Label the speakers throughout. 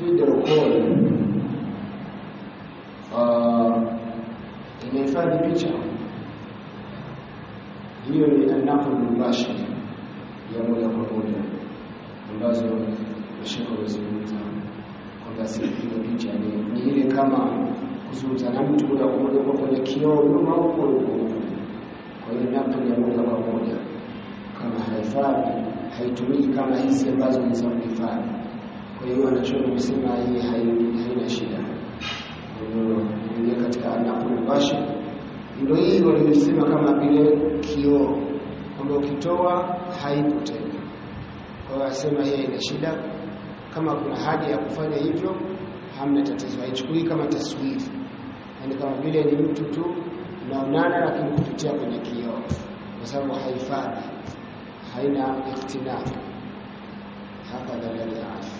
Speaker 1: video call uh, inahifadhi picha hiyo ni anapo mubashir ya moja kwa moja ambazo mashaka wamezungumza kwamba si hiyo picha ni ile kama kuzungumza na mtu moja kwa moja kwa kwenye kioo nyuma huko huko kwa hiyo napo ya moja kwa moja kama haifai haitumiki kama hizi ambazo ni za kuhifadhi kwa hiyo wanachuoni wamesema hii haina shida. Kwa hiyo ingia katika anaku nabashi, ndio hii walivyosema kama vile kioo, kwamba ukitoa haipo tena. Kwa hiyo asema hii haina shida, kama kuna haja ya kufanya hivyo hamna tatizo, haichukui kama taswiri, yaani kama vile ni mtu tu naonana, lakini kupitia kwenye kioo, kwa sababu haifadhi, haina ikhtilafu. hakadha laliafi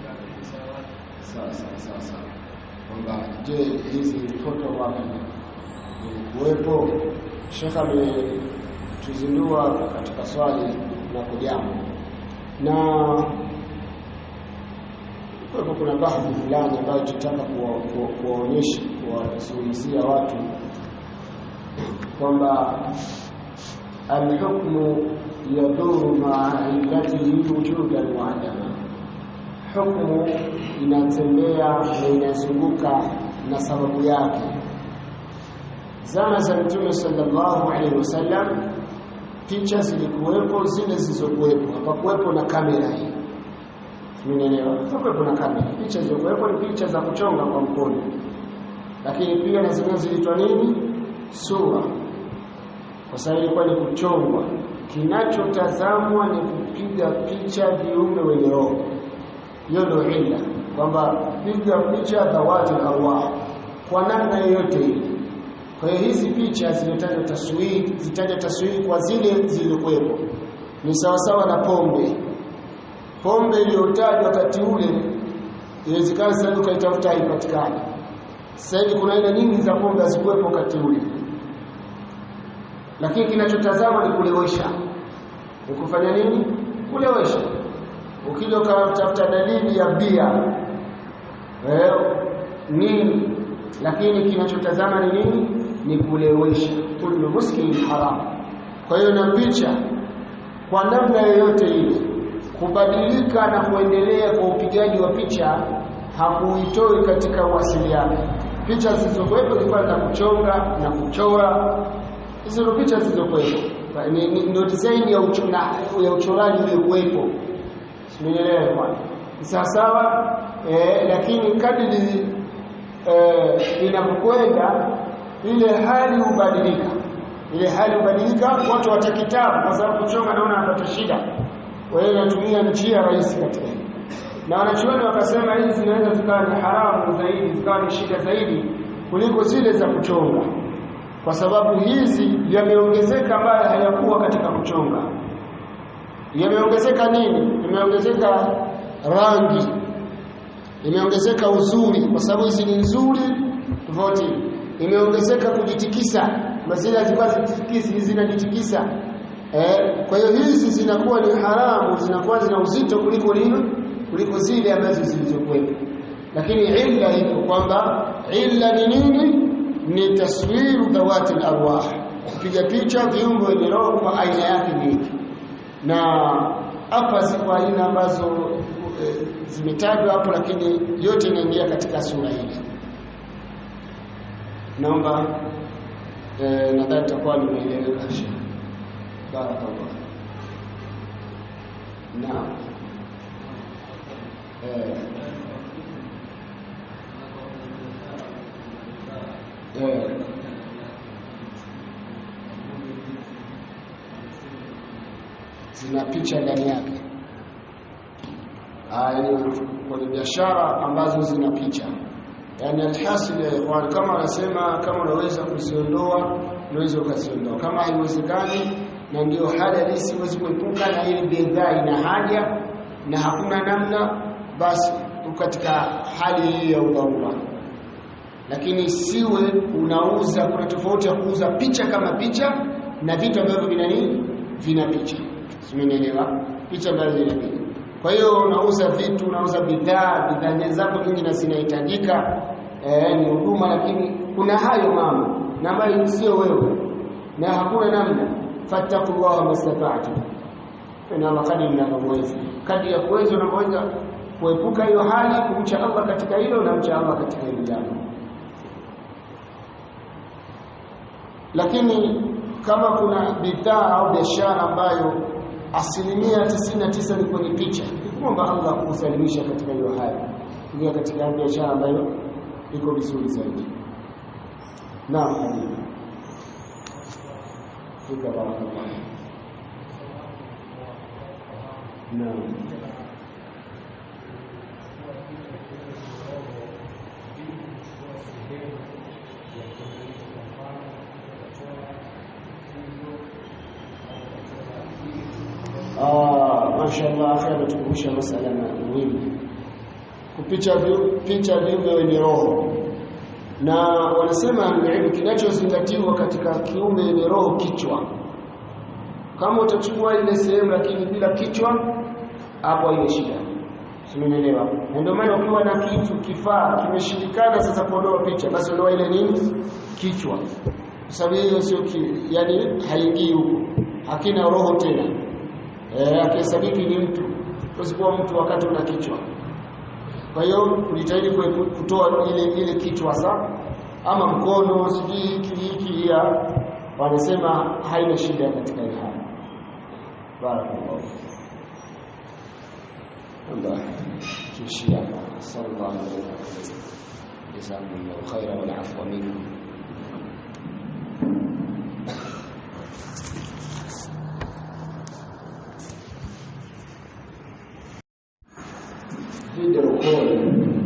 Speaker 1: kabisa. Sawa sawa sawa, kwamba je, hizi foto wapi kuwepo? Shekh ametuzindua katika swali la kujamu na kuwepo, kuna bahdhi fulani ambayo tutaka kuwaonyesha kuwazungumzia watu kwamba الحكم يدور مع علته وجودا وعدما hukumu inatembea na inazunguka na sababu yake zama za mtume sallallahu alaihi wasallam picha zilikuwepo zile zilizokuwepo hapakuwepo na kamera hii tumeelewa hapakuwepo na kamera picha zilizokuwepo ni picha za kuchonga kwa mkono lakini pia na zenyewe ziliitwa nini sura kwa sababu ilikuwa ni kuchongwa. Kinachotazamwa ni kupiga picha viumbe wenye roho. Hiyo ndio illa, kwamba piga picha dhawati arwah kwa namna yoyote ile. Kwa hiyo hizi picha zinataja taswiri, zitaja taswiri kwa zile zilizokuwepo, ni sawasawa na pombe. Pombe iliyotajwa wakati ule inawezekana sasa ukaitafuta haipatikani. Sasa hivi kuna aina nyingi za pombe hazikuwepo wakati ule lakini kinachotazama ni kulewesha, ni kufanya nini? Kulewesha. Ukija ukatafuta dalili ya bia eh, nini, lakini kinachotazama ni nini? Ni kulewesha. Kullu muskin haram. Kwa hiyo na picha kwa namna yoyote ile kubadilika na kuendelea kwa upigaji wa picha hakuitoi katika uwasiliano. Picha zilizokuwepo zilikuwa na kuchonga na kuchora hizo ndio picha zilizokuwepo, ndio design ya uchuna, ya uchoraji uliokuwepo, simenielewa bwana? Ni sawasawa eh, lakini kadri eh, inapokwenda ile hali hubadilika, ile hali hubadilika. Watu watakitabu kwa sababu kuchonga naona anapata shida, hiyo unatumia njia rahisi katika hii na wanachuoni wakasema hizi zinaweza zikawa ni haramu zaidi, zikawa ni shida zaidi kuliko zile za kuchonga kwa sababu hizi yameongezeka ambayo hayakuwa katika kuchonga. Yameongezeka nini? Imeongezeka rangi, imeongezeka uzuri, kwa sababu hizi ni nzuri tofauti. Imeongezeka kujitikisa, mazile hazikuwa zitikisi, hizi zinajitikisa. Eh, kwa hiyo hizi zinakuwa ni haramu, zinakuwa zina uzito kuliko nini kuliko zile ambazo zilizokuwepo. Lakini illa iko kwamba illa ni nini? ni taswiru dhawati al-arwah, kupiga picha viungo vya roho kwa aina yake nyingi, na hapa ziko aina ambazo e, zimetajwa hapo, lakini yote inaingia katika sura hili. Naomba e, nadhani tutakuwa nimeeleweka. Barakallah. Naam. Eh. Eh. zina picha ndani yake yaani kwenye biashara ambazo zina picha yani alhasil eh, ya kama anasema kama unaweza kuziondoa unaweza ukaziondoa kama haiwezekani na ndio hali halisi huwezi kuepuka na ili bidhaa ina haja na hakuna namna basi katika hali hii ya ubaula lakini siwe unauza. Kuna tofauti ya kuuza picha kama picha na vitu ambavyo vina nini, vina picha. Simenielewa? Picha ambazo zina picha. Kwa hiyo unauza vitu, unauza bidhaa, bidhaa zako nyingi na zinahitajika, eh, ni huduma, lakini kuna hayo mama na ambayo sio wewe na hakuna namna. Fattaqullaha mastata'tum, na makadi na mwezi kadi ya kuweza unavyoweza kuepuka hiyo hali, kumcha Allah katika hilo na mcha Allah katika hilo jambo. lakini kama kuna bidhaa au biashara ambayo asilimia 99 ni kwenye picha kumwomba Allah kusalimisha katika hiyo hali ndio katika biashara ambayo iko vizuri zaidi naam hadithi Naam. Insha Allah akhera anatukumbusha masala muhimu kupicha picha viumbe wenye roho na wanasema kinachozingatiwa katika kiumbe yenye roho kichwa kama utachukua ile sehemu lakini bila kichwa hapo ile shida simenielewa na ndio maana ukiwa na kitu kifaa kimeshindikana sasa kuondoa picha basi ondoa ile nini kichwa kwa sababu hiyo sio yani haingii huko hakina roho tena eh akisadiki ni mtu usikuwa mtu wakati una kichwa kwa hiyo ulitahidi kutoa ile ile kichwa sa ama mkono sijui kiliki ya wanasema haina shida katika hili hali barakallahu Allah tushia sallallahu alaihi wasallam jazakumullahu khairan خيرا afwa minkum. 隧道口。